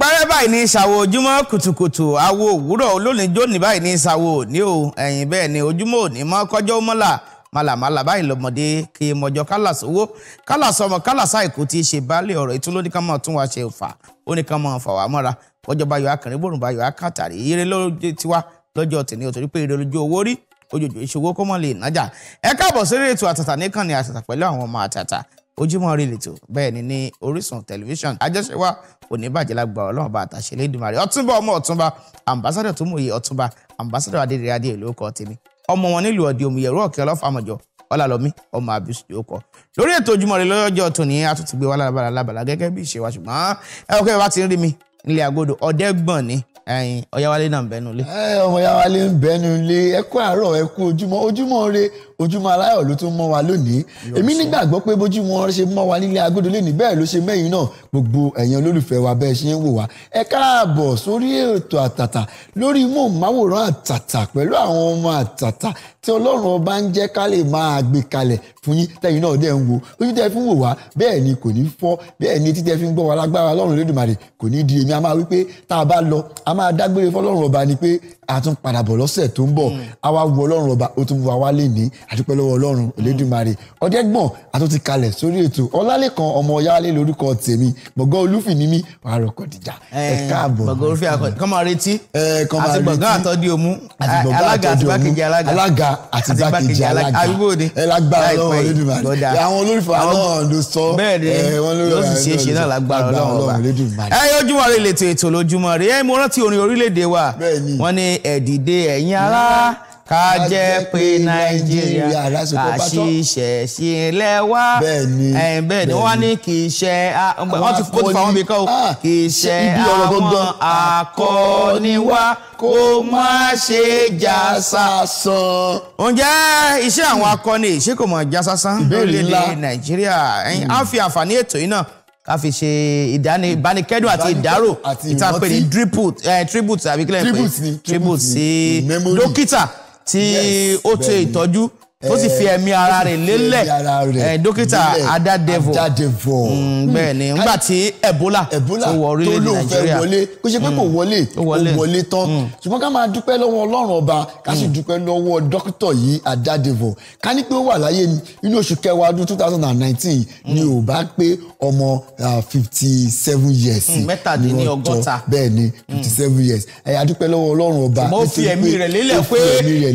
pẹ́rẹ́ báyìí ní ìṣàwò ojúmọ́ kùtùkùtù àwo òwúrọ̀ olónìjó ní báyìí ní ìṣàwò ní o ẹ̀yìn bẹ́ẹ̀ ni ojúmọ́ òní mọ́ kọjọ́ mọ́là màlàmàlà báyìí lọ́mọdé kí mọ̀jọ́ kálàsì owó kálàsì ọmọ kálàsì àìkú ti ṣe baálé ọ̀rọ̀ ìtún ló ní ká máa tún wa ṣe fà ó ní ká máa fà wá mọ́ra kọjọ́ bá yọ akẹrin bòrùn bá yọ akátàrí ire lójú tiwa lọ́jọ́ tèmi ò torí pé ire lójú ẹ káàbọ̀ sórí ètò àtàtà níkànnì àtàtà pẹ̀lú àwọn ọmọ àtàtà ojúmọ́ ire lètò bẹ́ẹ̀ ni ní Orísun tẹlifíṣàn àjọṣe wa kò ní bàjẹ́ lágbà ọlọ́run bá àtàṣe lẹ́dùnmarè ọtúnba ọmọ ọtúnba ambassadọ tó mòye ọtúnba ambassadọ adédèrè adé ìlú ọkọ tèmi ọmọ wọn nílùú ọdí omi yẹrù ọkẹ ọlọfàmọjọ ọlàlọmí ọmọ abisu yóò kọ lórí ètò ojúmọ́ ire lọ́jọ́ tòní àtúntì gbé wa lábàlá lábàlá gẹ́gẹ́ bí ìṣe wa ṣùgbọ́n ẹ ọkẹ́ bá ti mi ni ẹyin ọ̀yáwálé náà ń bẹ́nu lé. ọmọ ọ̀yáwálé ń bẹ́nu lé ẹ kú àárọ̀ ẹ kú ojúmọ́ ojúmọ́ ire ojúmọ́ aláyọ̀ ló tún mọ́ wa lónìí èmi nígbàgbọ́ pé bójú wọn ṣe mọ́ wa nílé agbódò lónìí bẹ́ẹ̀ ló ṣe mẹ́yìn náà gbogbo ẹ̀yin olólùfẹ́ wa bẹ́ẹ̀ ṣe ń wò wá ẹ káàbọ̀ sórí ètò àtàtà lórí móhùnmáwòrán àtàtà pẹ̀lú àwọn ọmọ àtàtà tí ọlọ́run ọba ń jẹ́ ká lè máa gbé kalẹ̀ fún yín tẹ̀yin náà dẹ̀ ń wo ojú tẹ́ fi ń wò wá bẹ́ẹ̀ ni kò ní fọ́ bẹ́ẹ̀ ni títẹ́ fi ń gbọ́ wa lágbára ọlọ́run lódìmarè kò ní di èmi a máa wí pé tá a bá lọ a máa dágbére fọlọ́run ọba ni pé a tún padà bọ̀ lọ́sẹ̀ tó ń bọ̀ hmm. a wá wo ọba ó tún wá wá ní àdúpẹ́ lọ́wọ́ ọlọ́run Elédùmarè ọ̀dẹ́gbọ̀n àtúntì kalẹ̀ sórí ètò ọlálẹ́kan ọmọ ọ̀yáálé lórúkọ tèmi gbọ̀ngàn olúfì ní mí àròkọ dìjà ẹ káàbọ̀. gbọ̀ngàn olúfì akọni kọ́ máa retí àti gbọ̀ngàn àtọ́dí omu alága àti gbákejì alága alága àti gbákejì alága arúgbó ni ẹ lágbára lọ́wọ́ Elédùmarè àwọn olólùfẹ́ àwọn ló sọ bẹ́ẹ̀ ni ló sì ṣe é ṣe náà lágbára lọ́wọ́ wa wọ́n ní ẹ̀dìdẹ ká jẹ́ pé nàìjíríà ká ṣiṣẹ́ sí ilẹ̀ wa bẹ́ẹ̀ ni wọ́n ní kì í ṣe wọ́n ti kó ti fa wọn bí kọ́ kì í ṣe àwọn akọni wa kó má ṣe já sásán. ǹjẹ́ iṣẹ́ àwọn akọni ṣé kò mọ̀ já sásán lórílẹ̀‐èdè nàìjíríà á hmm. fi àǹfààní ètò yìí náà ká fi ṣe ìbánikẹ́dùn àti ìdárò ìtàpè tribute àbí kílẹ̀ pé tribute sí dókítà tí ó ṣe ìtọ́jú tó sì fi ẹ̀mí ara rẹ̀ lélẹ̀ dókítà adadevo mm, bẹ́ẹ̀ ni hmm. nígbà tí ebola tó wọ orílẹ̀-èdè nàìjíríà tó lóun fẹ́ wọlé kó ṣe pé kò mm. wọlé kò wọlé tán mm. ṣùgbọ́n ká máa dúpẹ́ lọ́wọ́ ọlọ́run ọba ká sì dúpẹ́ lọ́wọ́ dókítà yìí adadevo ká ní pé ó wà láyé inú oṣù kẹwàá ọdún two ni ò bá pé ọmọ fifty years mẹ́tàdínlọ́gọ́ta bẹ́ẹ̀ ni fifty years a dúpẹ́ lọ́wọ́ ọlọ́run ọba ṣùgbọ́n ó fi ẹ̀mí rẹ̀ lélẹ̀ pé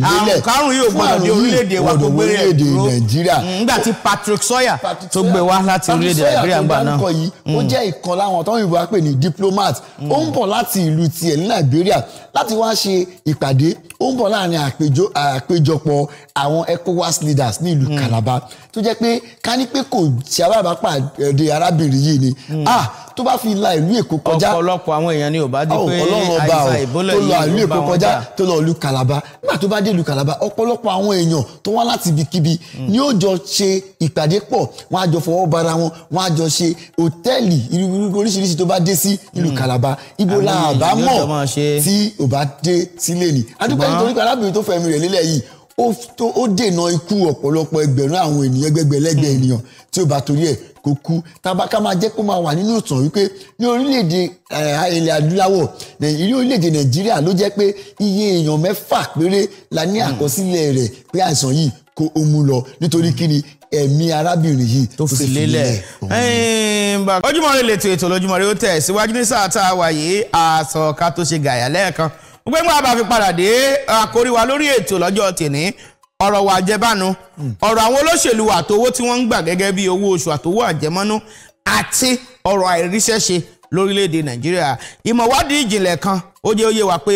àrùn kárùn yóò gbọ́dọ̀ dé gbogbo orílẹ̀-èdè nàìjíríà. Mm, nígbà tí Patrick Sawyer tó gbé wá láti orílẹ̀-èdè nàìjíríà ńgbà náà. ó mm. jẹ́ ìkan láwọn tó ń yìnbọn pè ní diplomat mm. ó ń bọ̀ láti ìlú tiẹ̀ ní nàìjíríà láti wá ṣe ìpàdé ó ń bọ̀ láàrin àpéjọpọ̀ àwọn ECOWAS leaders ní ìlú Calabar tó jẹ́ pé ká ní pé kò ṣe alábàápàdé arábìnrin yìí ni ah tó bá fi la ìlú èkó kọjá ọ̀pọ̀lọpọ̀ àwọn èèyàn ni ò bá di pé àìsàn ìbólà yìí ló bá wọn jà tó lọ ìlú èkó kọjá tó lọ ìlú Calabar nígbà tó bá dé ìlú kalaba. ọ̀pọ̀lọpọ̀ àwọn èèyàn tó wá láti ibikíbi ni ó jọ ṣe ìpàdé pọ̀ wọ́n á fọwọ́ bara wọn wọ́n á ṣe hòtẹ́ẹ̀lì oríṣiríṣi tó bá dé sí ìlú hmm. Calabar ibo la àbámọ̀ tí ò bá dé sílé ni adúpẹ́ nítorí pé arábìnrin tó fẹ̀mí rẹ̀ lélẹ̀ yìí ó dènà ikú ọ̀pọ̀lọpọ̀ ẹgbẹ̀rún àwọn ènìyàn gbẹgbẹ̀lẹ́gbẹ̀ hmm. ènìyàn tí ó bá torí ẹ̀ kó kú tabaka máa jẹ́ kó máa wà nínú ìtàn wípé ní orílẹ̀-èdè eh, ilẹ̀ adúláwọ̀ ní orílẹ̀-èdè nàìjíríà ló jẹ́ pé iye èèyàn mẹ́fà péré la ní hmm. àkọsílẹ̀ rẹ̀ pé àìsàn yìí kó o mú lọ nítorí hmm. kíni ẹ̀mí arábìnrin yìí tó fi lélẹ̀. Ojúmọ́ Ire lètò ètò Ojúmọ́ Ire ó tẹ̀ síwájú ní sáà tá a wà yìí àsọ̀ká tó ṣe gàyà lẹ́ẹ̀kan pé ńgbà bá fi padà dé àkórí wa lórí ètò lọ́jọ́ tèní ọ̀rọ̀ wà jẹbánu hmm. ọ̀rọ̀ àwọn olóṣèlú àtowó tí wọ́n ń gbà gẹ́gẹ́ bí owó oṣù àtowó àjẹmọ́nú àti ọ̀rọ̀ àìríṣẹ́ṣe lórílẹ̀‐èdè nàìjíríà ìmọ̀wádìí ìjìnlẹ̀ kan ó jẹ́ ó yé wa pé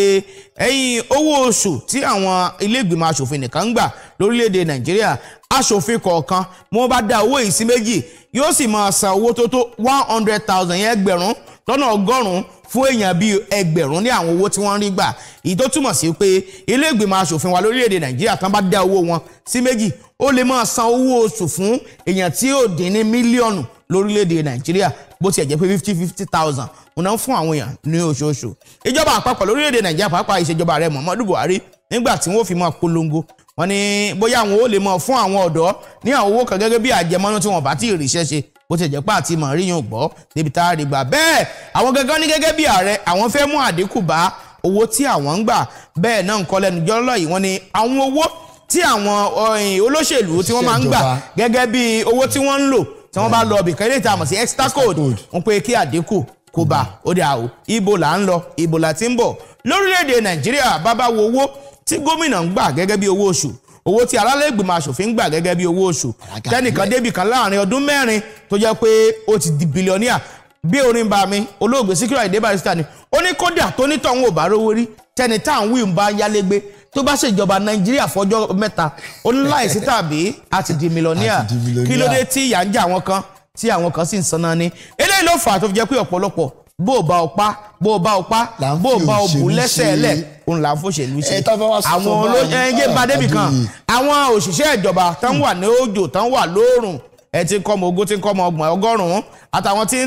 ẹ̀yìn owó oṣù tí àwọn iléègbìmọ̀ asòfin nìkan gbà lórílẹ̀‐èdè nàìjíríà asòfin kọ̀ọ̀kan bí bá dá owó yìí sí méjì yóò sì máa san owó tó tó one hundred thousand yẹn ẹgbẹ̀rún lọ́nà ọgọ́rùn-ún fún èèyàn bíi ẹgbẹ̀rún ní àwọn owó tí wọ́n ń rí gbà èyí tó túmọ̀ sí pé ilé ìgbìmọ̀ asòfin wa lórílẹ̀‐èdè nàìjíríà tán bá dá owó wọn sí méjì ó lè máa san owó oṣù fún èèyàn tí yóò dín ní mílíọ̀nù lórílẹ̀‐èdè nàìjíríà bó tiẹ̀ jẹ́ pé fifty fifty thousand mo náà ń fún àwọn èèyàn ní oṣooṣù ìjọba àpapọ̀ lórílẹ̀‐èdè nàìjíríà pàápàá ìṣèjọba rẹ̀ muhammadu buhari nígbà tí wọ́n fi máa polongo wọ́n ní bóyá àwọn ò lè máa fún àwọn ọ̀dọ́ ní àwọn owó kan gẹ́gẹ́ bí àjẹmọ́nú tí wọ́n bá tí ì ríṣẹ́ ṣe bó ti jẹ́ pé àti mọ̀ríyàn gbọ́ débi tá a rí gbà bẹ́ẹ̀ àwọn gangan ní gẹ́gẹ́ bí ààrẹ àwọn fẹ́ mú àdínkù bá owó tí àwọn ń gbà bẹ́ẹ̀ náà ń kọ́ lẹ́nu jọ́lọ́ yìí wọ́n ní àwọn owó tí àwọn eh, olóṣèlú tí wọ́n máa ń gbà gẹ́gẹ́ bí owó tí wọ́n ń lò tí wọ́n bá lọ ibìkan ilé ìtààmù sí extra code ń pe kí àdínkù kó bá ó dà o ibo là ń lọ ibo là ti ń bọ̀ lórílẹ̀‐èdè Nàìjíríà bàbá wo owó tí gómìnà ń gbà gẹ́gẹ́ bí owó oṣù owó tí alálẹ́gbìmọ̀ asòfin ń gbà gẹ́gẹ́ bí owó oṣù tẹ́nìkan débì kan láàrin ọdún mẹ́rin tó jẹ́ pé ó ti di bílíọ̀níà bí orin bá mi olóògbé Síkírù Àyìndé Barrister ni ó ní kódà tó ní tọ̀hún ò bá rówó rí tẹ́ni táwọn wíì ń bá yálégbé tó bá ṣèjọba nàìjíríà fọjọ́ mẹ́ta ó ní láìsí tàbí a ti di mílíọ̀níà kí ló dé tí ìyà ń jẹ àwọn kan tí àwọn kan sì ń sanná ni eléyìí ló fà á tó fi jẹ́ pé ọ̀pọ̀lọpọ̀ bó o bá o pa bó o bá o pa bó o bá o bù lẹ́sẹ̀ lẹ̀ òun là ń fòṣèlú ṣe àwọn olóyè bá débi kan àwọn òṣìṣẹ́ ìjọba tán wà ní òjò tán wà lóòrùn ẹ ti ń kọ́ ọmọ ogún ti ń kọ́ ọmọ ọgbọ̀n ọgọ́rùn-ún àtàwọn tí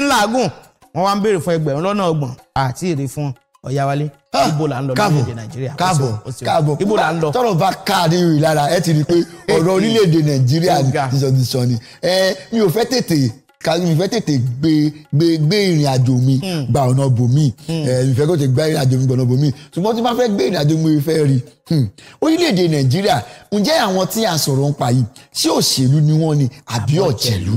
ń làágùn wọn wá ń béèrè fún ẹgbẹ̀rún lọ́nà ọgbọ̀n àti èrè fún Ọ̀yáwálé ibo là ń lọ lórílẹ̀-èdè nàìjíríà káàbọ̀ káàbọ̀ ibo là ń lọ. tọrọ bá káàdì rìn lára ẹ ti rí i pé ọ̀rọ̀ orílẹ̀-èdè nàìjíríà ìsọdìsọ ni mi ò fẹ́ tètè kárí mi fẹ́ tètè gbé gbé gbé ìrìn àjò mi hmm. gba ọ̀nà bòmí hmm. eh, mi fẹ́ kó tètè gbé ìrìn àjò mi gba ọ̀nà bòmí ṣùgbọ́n tí n bá fẹ́ gbé ìrìn àjò mi fẹ́ rí hmm. orílẹ̀-èdè nàìjíríà ǹjẹ́ àwọn tí a sọ̀rọ̀ ń pa yìí ṣé òṣèlú ni wọ́n ni àbí ọ̀jẹ̀lú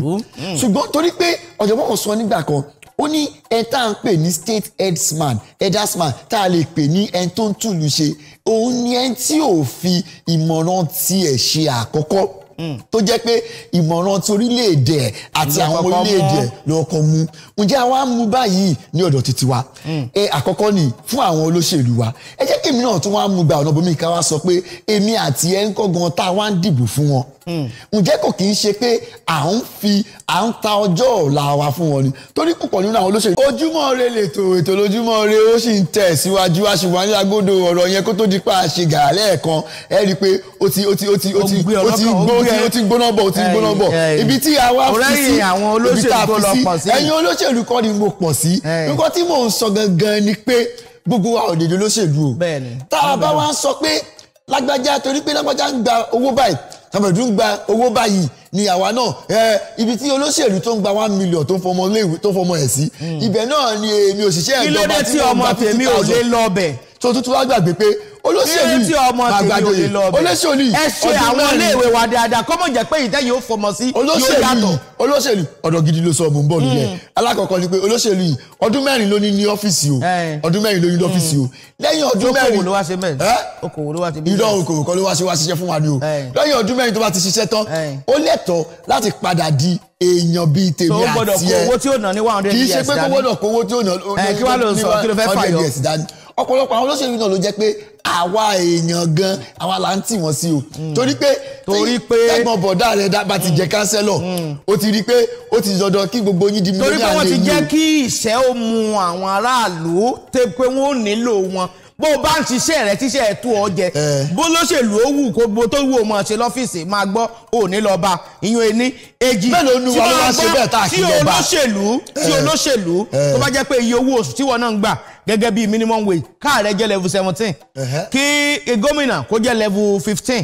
ṣùgbọ́n torí pé ọ̀jọ̀gbọ́n kan sọ nígbà kan ó ní ẹ tá à ń pè ní state headsman headsman tá a lè pè ní ẹni tó ń tùlù ṣe òun ni ẹni tí ò fi ìmọ̀ràn tiẹ̀ ṣe àkọ́kọ́ Mm. tó jẹ́ pé ìmọ̀ràn ti orílẹ̀-èdè ẹ̀ àti àwọn orílẹ̀-èdè lọ́kọ̀ mu ǹjẹ́ àwa mú báyìí ní ọ̀dọ̀ títí wa ẹ mm. eh, àkọ́kọ́ ni fún àwọn olóṣèlú wa ẹ kémi náà tún wá mú gba ọ̀nà bomi ká wá sọ pé èmi àti ẹ̀ ń kọ́ gan tá a wá ń dìbò fún wọn. Hmm. ǹjẹ́ kò kì í ṣe pé à ń fi à ń ta ọjọ́ ọ̀la wa fún wọn ni torí púpọ̀ nínú àwọn olóṣèlú. ojúmọ́ ire lètò ètò lójúmọ́ ire ó sì ń tẹ̀ síwájú aṣùwọ̀n ní agodo ọ̀rọ̀ yẹn kó tó di pa àṣe gàrà lẹ́ẹ̀kan ẹ rí i pé ó ti ó ti ó ti ó ti ó ti gbó ti gbóná bọ̀ ó ti gbóná bọ̀ ibi tí a wá fi sí ibi tá a fi sí ẹ̀yin olóṣèlú kọ́ ni mo pọ̀ sí gbogbo wa òdèdè olóṣèlú o tá a bá wa ń sọ pé lágbájá torí pé lágbájá ń gba owó báyìí tàbẹ̀dù ń gba owó báyìí ni àwa náà ẹ ibi tí olóṣèlú tó ń gba one million tó ń fọmọ léwu tó ń fọmọ ẹ̀ sí hmm. ibẹ̀ náà ni èmi òṣìṣẹ́ ìjọba tí wọ́n gba fifty thousand kí ló dé tí ọmọ tèmi ò lè lọ bẹ̀. tó tuntun wá gbàgbé pé olóṣèlú àgbàdoyè olóṣèlú ọdún mẹ́rin ẹ ṣe àwọn iléèwé wa dáadáa kọ́mọ̀ jẹ́ pé ìtẹ́yìn ó fọmọ sí yóò yàtọ̀. olóṣèlú ọ̀dọ̀ gidi ló sọ ọmọ ń bọ̀ nílẹ̀ hmm. alákọ̀ọ́kọ́ ni pé olóṣèlú yìí ọdún mẹ́rin ló ní ní ọ́fíìsì o eh. ọdún mẹ́rin ló ní hmm. ọ́fíìsì o lẹ́yìn ọdún mẹ́rin eh? okòwò ló wá ṣe bíi okòwò ló wá ṣe wá eh. èèyàn bíi tèmi àti ẹ. tó kó owó tí ó ná ní one hundred years dání. kì í ṣe pé kó gbọ́dọ̀ kó owó tí ó ná ní one hundred years dání ọ̀pọ̀lọpọ̀ àwọn olóṣèlú náà ló jẹ́ pé àwa èèyàn gan àwa là ń tì wọ́n sí o mm. torí pé torí pé ẹ̀gbọ́n bọ̀dá rẹ̀ bá ti jẹ́ kánsẹ́lọ̀ mm. o mm. ti rí i pé ó ti dandan kí gbogbo yín di mílíọ̀nù àlejò torí pé wọ́n ti jẹ́ kí ìṣẹ́ ó mu àwọn aráàlú tẹ́ pé wọ́n ò nílò wọn bó o bá ń ṣiṣẹ́ rẹ tíṣẹ́ ẹ̀ tó ọ jẹ bó lóṣèlú ó wù kó bó tó wù ó mọ̀ ṣe lọ́fíìsì máa gbọ́ ò ní lọ bá iyún ẹni èjì tí wọ́n gbọ́ tí olóṣèlú tí olóṣèlú tó bá jẹ́ pé iye owó oṣù tí wọ́n náà ń gbà gẹ́gẹ́ bí minimum wage káà jẹ́ level seventeen kí gómìnà kó jẹ́ level fifteen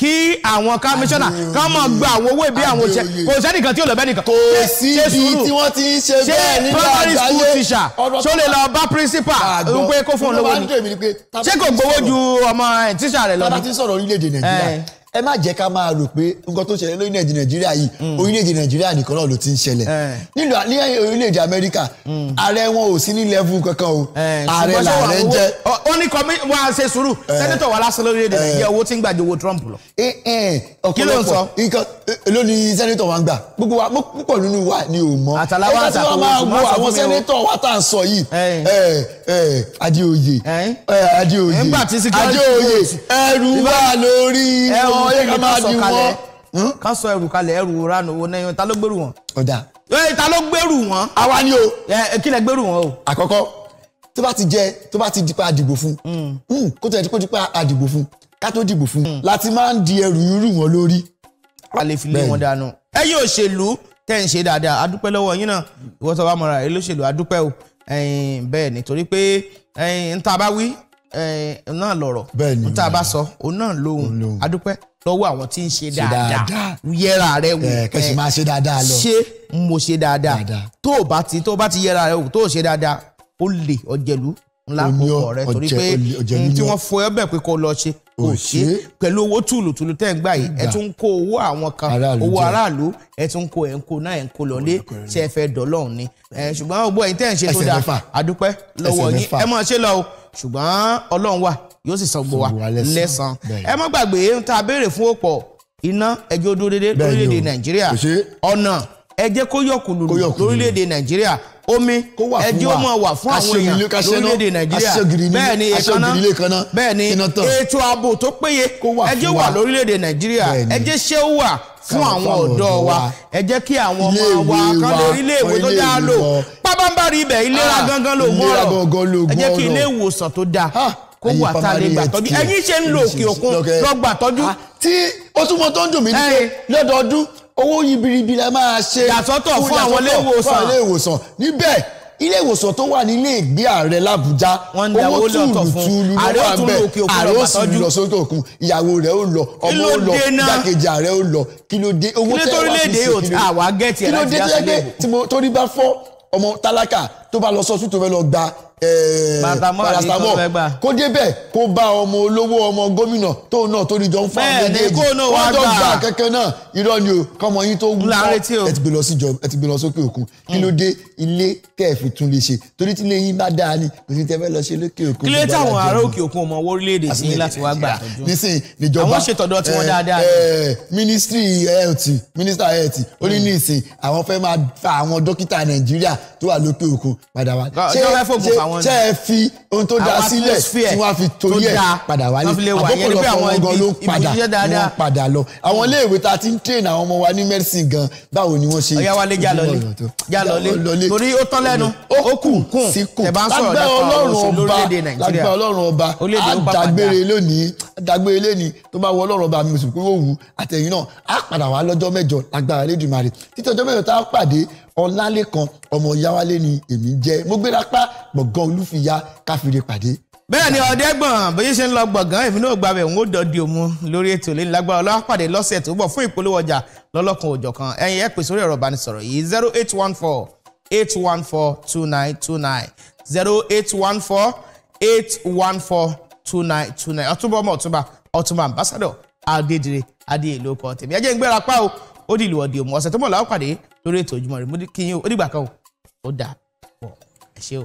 kí àwọn kámísọ́nà ká máa gba àwọn owó ìbí àwọn òṣìṣẹ́ kò sẹ́nìkan tí ò lọ bẹ́ẹ̀ nìkan. kò sí ibi tí wọ́n ti ń ṣe bẹ́ẹ̀ nígbà àgbáyé ṣé primary school teacher ṣó lè lọ bá principal ń pé kó fún un lówó ni ṣé kò gbowó ju ọmọ tíṣà rẹ lọ ni. tábà ti sọ̀rọ̀ orílẹ̀-èdè nàìjíríà ẹ má jẹ́ ká máa rò pé nǹkan tó ṣẹlẹ̀ lórílẹ̀‐èdè nàìjíríà yìí mm. orílẹ̀‐èdè nàìjíríà nìkan náà ló ti ń ṣẹlẹ̀ eh. nílò ní orílẹ̀‐èdè amẹ́ríkà mm. ààrẹ wọn ò sí ní level kankan o eh, ààrẹ làárẹ̀ ń jẹ́. ó ní kọ́mí wọn á ṣe sùúrù eh. sẹ́nẹ́tọ̀ wà lásán lórílẹ̀‐èdè nàìjíríà owó tí ń gbàjọ owó Trump lọ. kí ló ń sọ nǹkan ló sẹ́nẹ́tọ̀ wa ń gbà gbogbo wa púpọ̀ nínú wa ni ò mọ̀ àtàláwà àtàkùn ẹ̀rù wà lórí wọn àwọn yẹn ká máa di wọn. ká sọ ẹrù kalẹ̀ ẹrù ránù owó náà ta ló gbèrú wọn. ọ̀dà. ee ta ló gbèrú wọn. àwa ni o. ẹ kí lẹ gbèrú wọn o. àkọ́kọ́ tó bá ti jẹ tó bá ti dipa àdìgbò fún hmm. Hmm, kó tẹ̀ kó dipa àdìgbò fún ká tó dìbò fún hmm. láti máa ń di ẹrù irú wọn lórí. a lè fi lé wọn dànù. ẹ̀yin òṣèlú tẹ́ ń ṣe dáadáa adúpẹ́ lọ́wọ́ yín náà ìwọ tó bá mọra elóṣèlú adúpẹ́ o bẹ́ẹ̀ nítorí pé n ta bá wí náà lọ̀rọ̀ n ta bá sọ òun náà lóhùn adúpẹ́ lọ́wọ́ àwọn tí ń ṣe dáadáa yẹra rẹ wò ẹ kẹsì máa ṣe dáadáa lọ ṣé mo ṣe dáadáa tó o bá ti tó o bá ti yẹra rẹ wò tó o ṣe dáadáa ó lè ọ̀jẹ̀lú ńlá kókó rẹ torí pé tí wọ́n fọ ẹ bẹ̀ pé kó lọ ṣe kò ṣe pẹ̀lú owó tùlùtùlù tẹ̀ ń gbà yìí ẹ tún ń kó owó àwọn kan owó aráàlú ẹ tún ń kó ẹ̀ ń kó náà ẹ̀ ń kó lọ́lé ṣe é fẹ́ dọ́lọ́run ni ṣùgbọ́n gbogbo ẹ̀yin tẹ̀ ń ṣe tó dáa àdúpẹ́ lọ́wọ́ yín ẹ máa ṣe lọ o ṣùgbọ́n ọlọ́run wà yóò sì san gbogbo wa lẹ́san ẹ má gbàgbé ń ta béèrè fún òpọ̀ iná ẹjọ́ dúró déédéé lórílẹ̀‐èdè nàìjíríà ọ̀nà ẹ kó yọkùlù lórílẹ̀‐èdè nàìjíríà omi ẹjẹ́ ó máa wà fún àwọn èèyàn lórílẹ̀‐èdè nàìjíríà bẹ́ẹ̀ ni èkánná bẹ́ẹ̀ ni ètò ààbò tó péye ẹjẹ́ wà lórílẹ̀‐èdè nàìjíríà ẹjẹ́ ṣé ó wà fún àwọn ọ̀dọ́ wa ẹ jẹ́ kí àwọn ọmọ wa kan lè rí ilé ìwé tó dá lò pábánbárì ibẹ̀ ìlera ah, gangan lògùn ọ̀rọ̀ ẹ jẹ́ kí ilé ìwòsàn tó dáa kó wà tá a lè gbà tọ́jú ẹ̀yin ṣe ń lo òkè òkun lọ gbà tọ́jú. Ah, tí ó túmọ̀ tó ń dùn mí ní pé lọ́dọọdún owó yibiribi la máa ṣe yàsọ́tọ̀ fún àwọn ilé ìwòsàn níbẹ̀ ilé ìwòsàn tó wà ní ilé ìgbé ààrẹ làbújá owó túlù túlù ló wà ń bẹ ààrẹ ó sì lọ sókè òkun ìyàwó rẹ̀ ó lọ ọmọ ó lọ ìdàkejì ààrẹ ó lọ kí ló dé owó tẹ wá sí ìsìnkí ló dé tí mo torí bá fọ́ ọmọ tálákà tó bá lọ sọ́sùn tó fẹ́ lọ gba Eh, paracetamol kó débẹ̀ kó bá ọmọ olówó ọmọ gómìnà tóun náà tó níjọ ń fa méjèèjì wọ́n jọ gbà kẹ́kẹ́ náà irọ́ ni o kọ́mọ yín tó wú ẹ ti gbé lọ sókè òkun kí ló dé ilé kẹ́ ẹ̀ fi tún lè ṣe torí tí lè yín bá dáa ni kò sí tẹ́ fẹ́ lọ ṣe lókè òkun. kílé táwọn ará òkè òkun ọmọ owó orílẹ̀-èdè sí ní láti wá gbà àtọ́jú. nísìnyí níjọba àwọn tí wọ́n eh, dáadáa ni. Eh, ministry health minister health ó ní hmm. nísìn àwọn fẹ́ máa fa àwọn dókítà nàìjíríà tó wà lókè òkun padà wá. ṣé ṣé ẹ fi ohun tó dáa sílẹ̀ tí wọ́n fi torí ẹ̀ padà wálé àbọ̀pọ̀lọpọ̀ wọn gan ló padà ni wọ́n padà lọ. àwọn hmm. iléèwé ta ti ń train àwọn ọmọ wa lẹ́nu ó kù sí kù lágbẹ́ ọlọ́run ọba lágbẹ́ ọlọ́run ọba àdàgbére lónìí àdàgbére lónìí tó bá wọ ọlọ́run ọba mi mo sì kúrò wù àtẹ̀yìn náà á padà wá lọ́jọ́ mẹ́jọ lágbára lẹ́dùnmarè títí ọjọ́ mẹ́jọ tá a pàdé ọlálẹ́kan ọmọ yáwálé ni èmi jẹ́ mo gbéra pa gbọ̀ngàn olúfìyà káfíńdé pàdé bẹ́ẹ̀ ni ọ̀dẹ́gbọ̀n bóyá ṣe ń lọ gbọ̀ngàn èmi náà gbàgbé òun ó dọ̀dí òmu lórí ètò ilé lágbára ọlọ́wọ́ pàdé lọ́sẹ̀ tó bọ̀ fún ìpolówó ọjà lọ́lọ́kan òjọ̀kan ẹ̀yin ẹ̀ pèsè orí ìbánisọ̀rọ̀ yìí zero eight one four 814-2929 08148142929 ọ̀túnba ọmọ ọ̀túnba ọ̀túnba ambassadọ̀ adédire adéèlú ọkọ tèmi ẹjẹ ń gbéra pa o ó di ìlú ọdẹ òmù ọ̀sẹ̀ tó mọ làwọn pàdé lórí ètò Ojúmọ́ Ire mo kí yín o ó dìgbà kan o ó dà pọ ẹ ṣé o.